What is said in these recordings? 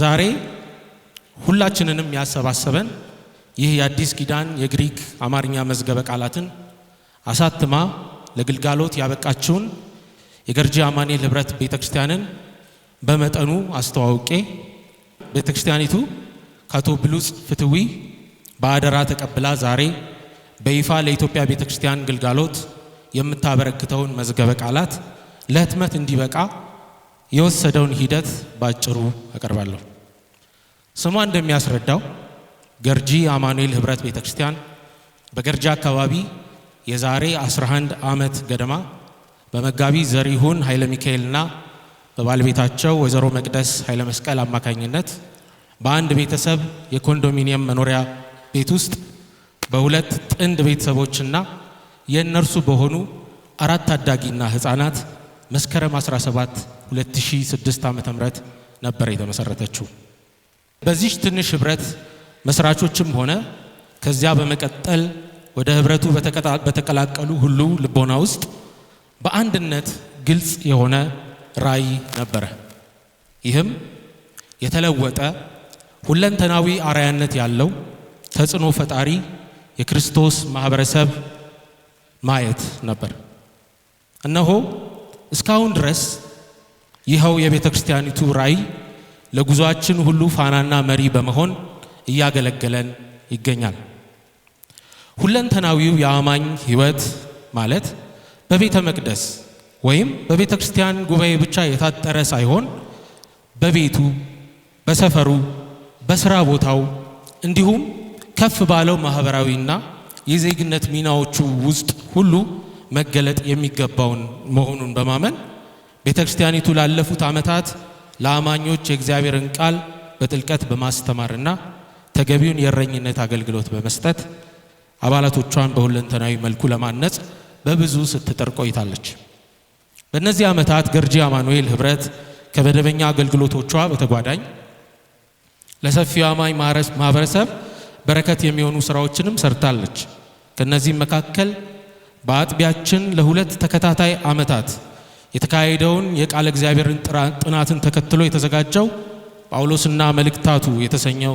ዛሬ ሁላችንንም ያሰባሰበን ይህ የአዲስ ኪዳን የግሪክ አማርኛ መዝገበ ቃላትን አሳትማ ለግልጋሎት ያበቃችውን የገርጂ አማኔ ኅብረት ቤተ ክርስቲያንን በመጠኑ አስተዋውቄ ቤተ ክርስቲያኒቱ ከአቶ ብሉፅ ፍትዊ በአደራ ተቀብላ ዛሬ በይፋ ለኢትዮጵያ ቤተ ክርስቲያን ግልጋሎት የምታበረክተውን መዝገበ ቃላት ለህትመት እንዲበቃ የወሰደውን ሂደት ባጭሩ አቀርባለሁ። ስሟ እንደሚያስረዳው ገርጂ አማኑኤል ህብረት ቤተ ክርስቲያን በገርጂ አካባቢ የዛሬ 11 ዓመት ገደማ በመጋቢ ዘሪሁን ኃይለ ሚካኤልና በባለቤታቸው ወይዘሮ መቅደስ ኃይለ መስቀል አማካኝነት በአንድ ቤተሰብ የኮንዶሚኒየም መኖሪያ ቤት ውስጥ በሁለት ጥንድ ቤተሰቦችና የእነርሱ በሆኑ አራት ታዳጊና ህፃናት መስከረም 17 2006 ዓ.ም ነበር የተመሰረተችው። በዚህ ትንሽ ህብረት መስራቾችም ሆነ ከዚያ በመቀጠል ወደ ህብረቱ በተቀላቀሉ ሁሉ ልቦና ውስጥ በአንድነት ግልጽ የሆነ ራይ ነበረ። ይህም የተለወጠ ሁለንተናዊ አራያነት ያለው ተጽዕኖ ፈጣሪ የክርስቶስ ማህበረሰብ ማየት ነበር። እነሆ እስካሁን ድረስ ይኸው የቤተ ክርስቲያኒቱ ራዕይ ለጉዟችን ሁሉ ፋናና መሪ በመሆን እያገለገለን ይገኛል። ሁለንተናዊው የአማኝ ሕይወት ማለት በቤተ መቅደስ ወይም በቤተ ክርስቲያን ጉባኤ ብቻ የታጠረ ሳይሆን በቤቱ፣ በሰፈሩ፣ በስራ ቦታው እንዲሁም ከፍ ባለው ማህበራዊና የዜግነት ሚናዎቹ ውስጥ ሁሉ መገለጥ የሚገባውን መሆኑን በማመን ቤተ ክርስቲያኒቱ ላለፉት ዓመታት ለአማኞች የእግዚአብሔርን ቃል በጥልቀት በማስተማርና ተገቢውን የእረኝነት አገልግሎት በመስጠት አባላቶቿን በሁለንተናዊ መልኩ ለማነጽ በብዙ ስትጥር ቆይታለች። በእነዚህ ዓመታት ገርጂ አማኑኤል ኅብረት ከመደበኛ አገልግሎቶቿ በተጓዳኝ ለሰፊው አማኝ ማህበረሰብ በረከት የሚሆኑ ስራዎችንም ሰርታለች። ከእነዚህም መካከል በአጥቢያችን ለሁለት ተከታታይ ዓመታት የተካሄደውን የቃለ እግዚአብሔርን ጥናትን ተከትሎ የተዘጋጀው ጳውሎስና መልእክታቱ የተሰኘው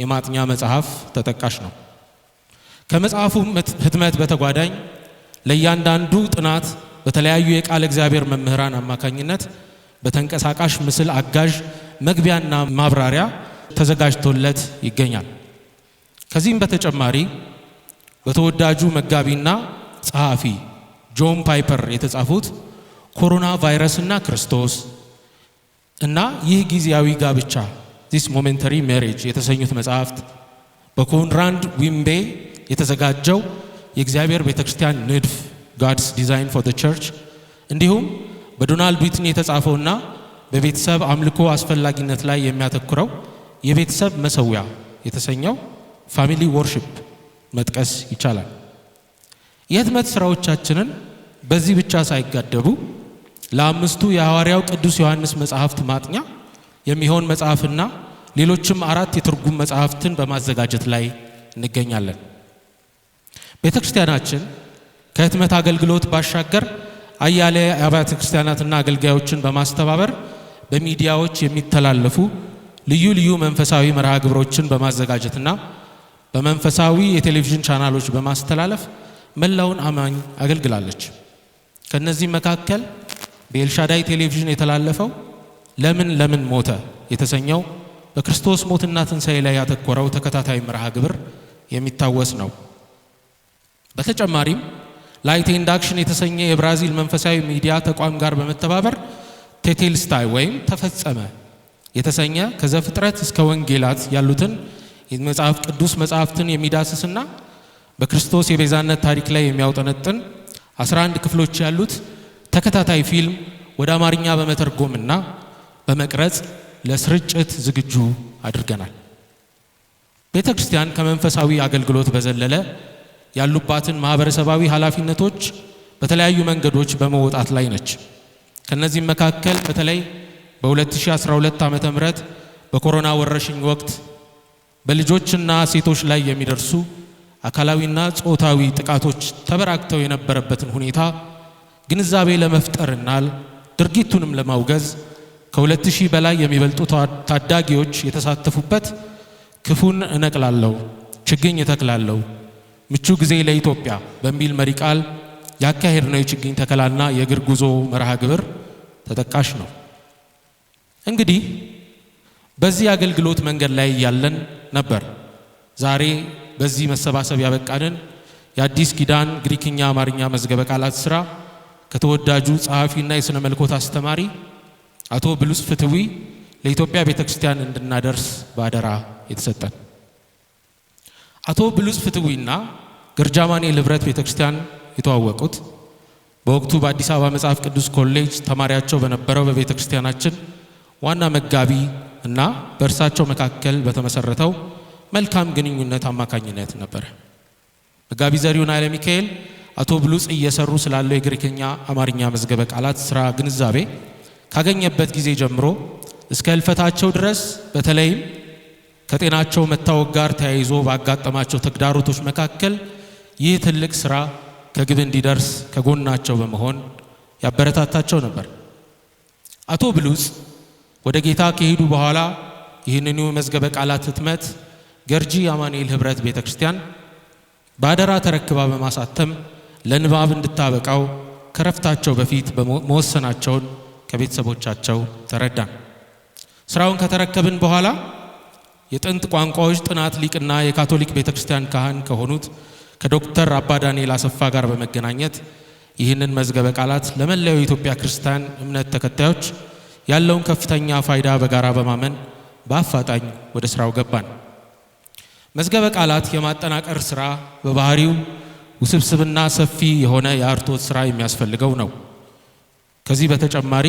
የማጥኛ መጽሐፍ ተጠቃሽ ነው። ከመጽሐፉ ህትመት በተጓዳኝ ለእያንዳንዱ ጥናት በተለያዩ የቃለ እግዚአብሔር መምህራን አማካኝነት በተንቀሳቃሽ ምስል አጋዥ መግቢያና ማብራሪያ ተዘጋጅቶለት ይገኛል። ከዚህም በተጨማሪ በተወዳጁ መጋቢና ጸሐፊ ጆን ፓይፐር የተጻፉት ኮሮና ቫይረስና ክርስቶስ እና ይህ ጊዜያዊ ጋብቻ ዚስ ሞሜንተሪ ሜሬጅ የተሰኙት መጽሐፍት በኮንራንድ ዊምቤ የተዘጋጀው የእግዚአብሔር ቤተ ክርስቲያን ንድፍ ጋድስ ዲዛይን ፎር ቸርች እንዲሁም በዶናልድ ዊትን የተጻፈውና በቤተሰብ አምልኮ አስፈላጊነት ላይ የሚያተኩረው የቤተሰብ መሰዊያ የተሰኘው ፋሚሊ ወርሽፕ መጥቀስ ይቻላል። የህትመት ስራዎቻችንን በዚህ ብቻ ሳይጋደቡ ለአምስቱ የሐዋርያው ቅዱስ ዮሐንስ መጽሐፍት ማጥኛ የሚሆን መጽሐፍና ሌሎችም አራት የትርጉም መጽሐፍትን በማዘጋጀት ላይ እንገኛለን። ቤተ ክርስቲያናችን ከህትመት አገልግሎት ባሻገር አያሌ አብያተ ክርስቲያናትና አገልጋዮችን በማስተባበር በሚዲያዎች የሚተላለፉ ልዩ ልዩ መንፈሳዊ መርሃ ግብሮችን በማዘጋጀትና በመንፈሳዊ የቴሌቪዥን ቻናሎች በማስተላለፍ መላውን አማኝ አገልግላለች። ከነዚህ መካከል በኤልሻዳይ ቴሌቪዥን የተላለፈው ለምን ለምን ሞተ የተሰኘው በክርስቶስ ሞትና ትንሣኤ ላይ ያተኮረው ተከታታይ መርሃ ግብር የሚታወስ ነው። በተጨማሪም ላይት ኢንዳክሽን የተሰኘ የብራዚል መንፈሳዊ ሚዲያ ተቋም ጋር በመተባበር ቴቴልስታይ ወይም ተፈጸመ የተሰኘ ከዘፍጥረት እስከ ወንጌላት ያሉትን የመጽሐፍ ቅዱስ መጽሐፍትን የሚዳስስና በክርስቶስ የቤዛነት ታሪክ ላይ የሚያውጠነጥን 11 ክፍሎች ያሉት ተከታታይ ፊልም ወደ አማርኛ በመተርጎምና በመቅረጽ ለስርጭት ዝግጁ አድርገናል። ቤተ ክርስቲያን ከመንፈሳዊ አገልግሎት በዘለለ ያሉባትን ማህበረሰባዊ ኃላፊነቶች በተለያዩ መንገዶች በመወጣት ላይ ነች። ከነዚህም መካከል በተለይ በ2012 ዓ.ም በኮሮና ወረርሽኝ ወቅት በልጆችና ሴቶች ላይ የሚደርሱ አካላዊና ጾታዊ ጥቃቶች ተበራክተው የነበረበትን ሁኔታ ግንዛቤ ለመፍጠርናል ድርጊቱንም ለማውገዝ ከሁለት ሺህ በላይ የሚበልጡ ታዳጊዎች የተሳተፉበት ክፉን እነቅላለሁ ችግኝ እተክላለሁ ምቹ ጊዜ ለኢትዮጵያ በሚል መሪ ቃል ያካሄድ ነው የችግኝ ተከላና የእግር ጉዞ መርሃ ግብር ተጠቃሽ ነው። እንግዲህ በዚህ አገልግሎት መንገድ ላይ ያለን ነበር። ዛሬ በዚህ መሰባሰብ ያበቃንን የአዲስ ኪዳን ግሪክኛ፣ አማርኛ መዝገበ ቃላት ስራ ከተወዳጁ ጸሐፊና የሥነ መልኮት አስተማሪ አቶ ብሉስ ፍትዊ ለኢትዮጵያ ቤተ ክርስቲያን እንድናደርስ በአደራ የተሰጠን አቶ ብሉስ ፍትዊና ገርጃማኔ ልብረት ቤተ ክርስቲያን የተዋወቁት በወቅቱ በአዲስ አበባ መጽሐፍ ቅዱስ ኮሌጅ ተማሪያቸው በነበረው በቤተ ክርስቲያናችን ዋና መጋቢ እና በእርሳቸው መካከል በተመሰረተው መልካም ግንኙነት አማካኝነት ነበረ። መጋቢ ዘሪሁን ኃይለ ሚካኤል አቶ ብሉጽ እየሰሩ ስላለው የግሪክኛ አማርኛ መዝገበ ቃላት ስራ ግንዛቤ ካገኘበት ጊዜ ጀምሮ እስከ ህልፈታቸው ድረስ በተለይም ከጤናቸው መታወቅ ጋር ተያይዞ ባጋጠማቸው ተግዳሮቶች መካከል ይህ ትልቅ ስራ ከግብ እንዲደርስ ከጎናቸው በመሆን ያበረታታቸው ነበር። አቶ ብሉጽ ወደ ጌታ ከሄዱ በኋላ ይህንኑ መዝገበ ቃላት ህትመት ገርጂ አማኑኤል ህብረት ቤተ ክርስቲያን በአደራ ተረክባ በማሳተም ለንባብ እንድታበቃው ከረፍታቸው በፊት መወሰናቸውን ከቤተሰቦቻቸው ተረዳን። ስራውን ከተረከብን በኋላ የጥንት ቋንቋዎች ጥናት ሊቅና የካቶሊክ ቤተ ክርስቲያን ካህን ከሆኑት ከዶክተር አባ ዳንኤል አሰፋ ጋር በመገናኘት ይህንን መዝገበ ቃላት ለመላው የኢትዮጵያ ክርስቲያን እምነት ተከታዮች ያለውን ከፍተኛ ፋይዳ በጋራ በማመን በአፋጣኝ ወደ ስራው ገባን። መዝገበ ቃላት የማጠናቀር ስራ በባህሪው ውስብስብና ሰፊ የሆነ የአርቶት ስራ የሚያስፈልገው ነው። ከዚህ በተጨማሪ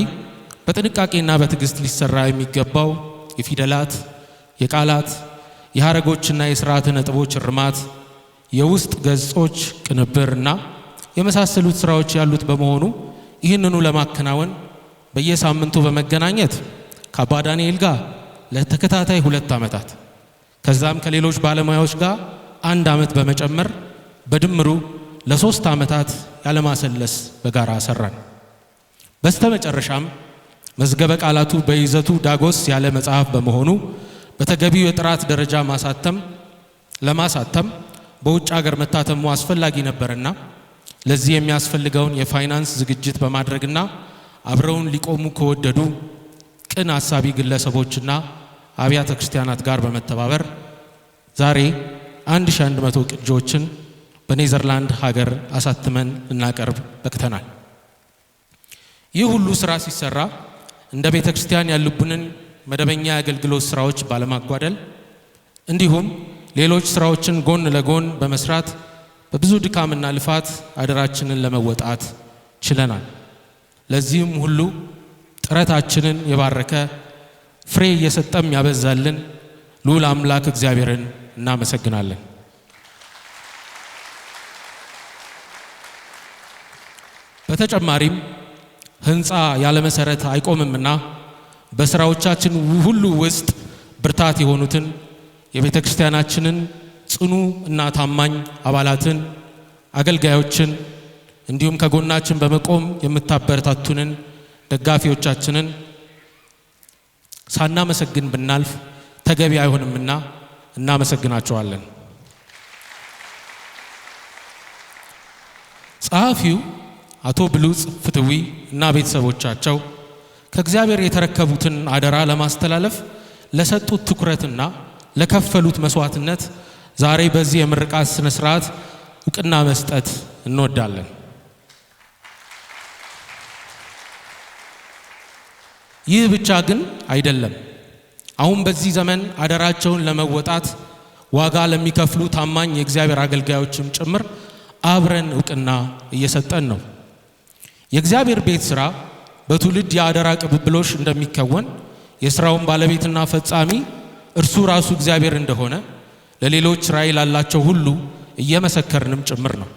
በጥንቃቄና በትዕግስት ሊሰራ የሚገባው የፊደላት፣ የቃላት፣ የሐረጎችና የስርዓተ ነጥቦች እርማት፣ የውስጥ ገጾች ቅንብርና የመሳሰሉት ስራዎች ያሉት በመሆኑ ይህንኑ ለማከናወን በየሳምንቱ በመገናኘት ከአባ ዳንኤል ጋር ለተከታታይ ሁለት ዓመታት ከዛም ከሌሎች ባለሙያዎች ጋር አንድ ዓመት በመጨመር በድምሩ ለሶስት ዓመታት ያለማሰለስ በጋራ ሰራን። በስተመጨረሻም መዝገበ ቃላቱ በይዘቱ ዳጎስ ያለ መጽሐፍ በመሆኑ በተገቢው የጥራት ደረጃ ማሳተም ለማሳተም በውጭ ሀገር መታተሙ አስፈላጊ ነበርና ለዚህ የሚያስፈልገውን የፋይናንስ ዝግጅት በማድረግና አብረውን ሊቆሙ ከወደዱ ቅን አሳቢ ግለሰቦችና አብያተ ክርስቲያናት ጋር በመተባበር ዛሬ 1100 ቅጂዎችን በኔዘርላንድ ሀገር አሳትመን ልናቀርብ በቅተናል። ይህ ሁሉ ስራ ሲሰራ እንደ ቤተ ክርስቲያን ያሉብንን መደበኛ የአገልግሎት ስራዎች ባለማጓደል እንዲሁም ሌሎች ስራዎችን ጎን ለጎን በመስራት በብዙ ድካምና ልፋት አደራችንን ለመወጣት ችለናል። ለዚህም ሁሉ ጥረታችንን የባረከ ፍሬ እየሰጠም ያበዛልን ልዑል አምላክ እግዚአብሔርን እናመሰግናለን። በተጨማሪም ህንፃ ያለ መሰረት አይቆምምና በስራዎቻችን ሁሉ ውስጥ ብርታት የሆኑትን የቤተ ክርስቲያናችንን ጽኑ እና ታማኝ አባላትን፣ አገልጋዮችን እንዲሁም ከጎናችን በመቆም የምታበረታቱንን ደጋፊዎቻችንን ሳናመሰግን ብናልፍ ተገቢ አይሆንምና እናመሰግናቸዋለን። ጸሐፊው አቶ ብሉጽ ፍትዊ እና ቤተሰቦቻቸው ከእግዚአብሔር የተረከቡትን አደራ ለማስተላለፍ ለሰጡት ትኩረትና ለከፈሉት መስዋዕትነት ዛሬ በዚህ የምርቃት ስነ ስርዓት እውቅና መስጠት እንወዳለን። ይህ ብቻ ግን አይደለም። አሁን በዚህ ዘመን አደራቸውን ለመወጣት ዋጋ ለሚከፍሉ ታማኝ የእግዚአብሔር አገልጋዮችም ጭምር አብረን እውቅና እየሰጠን ነው። የእግዚአብሔር ቤት ሥራ በትውልድ የአደራ ቅብብሎሽ እንደሚከወን የሥራውን ባለቤትና ፈጻሚ እርሱ ራሱ እግዚአብሔር እንደሆነ ለሌሎች ራእይ ላላቸው ሁሉ እየመሰከርንም ጭምር ነው።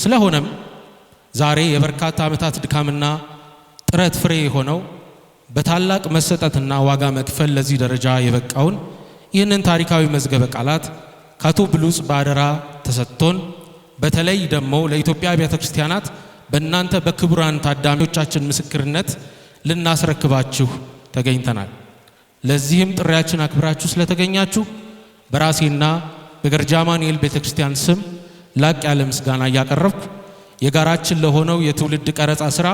ስለሆነም ዛሬ የበርካታ ዓመታት ድካምና ጥረት ፍሬ የሆነው በታላቅ መሰጠትና ዋጋ መክፈል ለዚህ ደረጃ የበቃውን ይህንን ታሪካዊ መዝገበ ቃላት ከአቶ ብሉጽ በአደራ ተሰጥቶን በተለይ ደግሞ ለኢትዮጵያ ቤተ ክርስቲያናት በእናንተ በክቡራን ታዳሚዎቻችን ምስክርነት ልናስረክባችሁ ተገኝተናል። ለዚህም ጥሪያችን አክብራችሁ ስለተገኛችሁ በራሴና በገርጃማንኤል ቤተ ክርስቲያን ስም ላቅ ያለ ምስጋና እያቀረብኩ የጋራችን ለሆነው የትውልድ ቀረጻ ስራ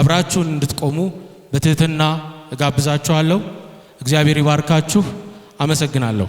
አብራችሁን እንድትቆሙ በትህትና እጋብዛችኋለሁ። እግዚአብሔር ይባርካችሁ። አመሰግናለሁ።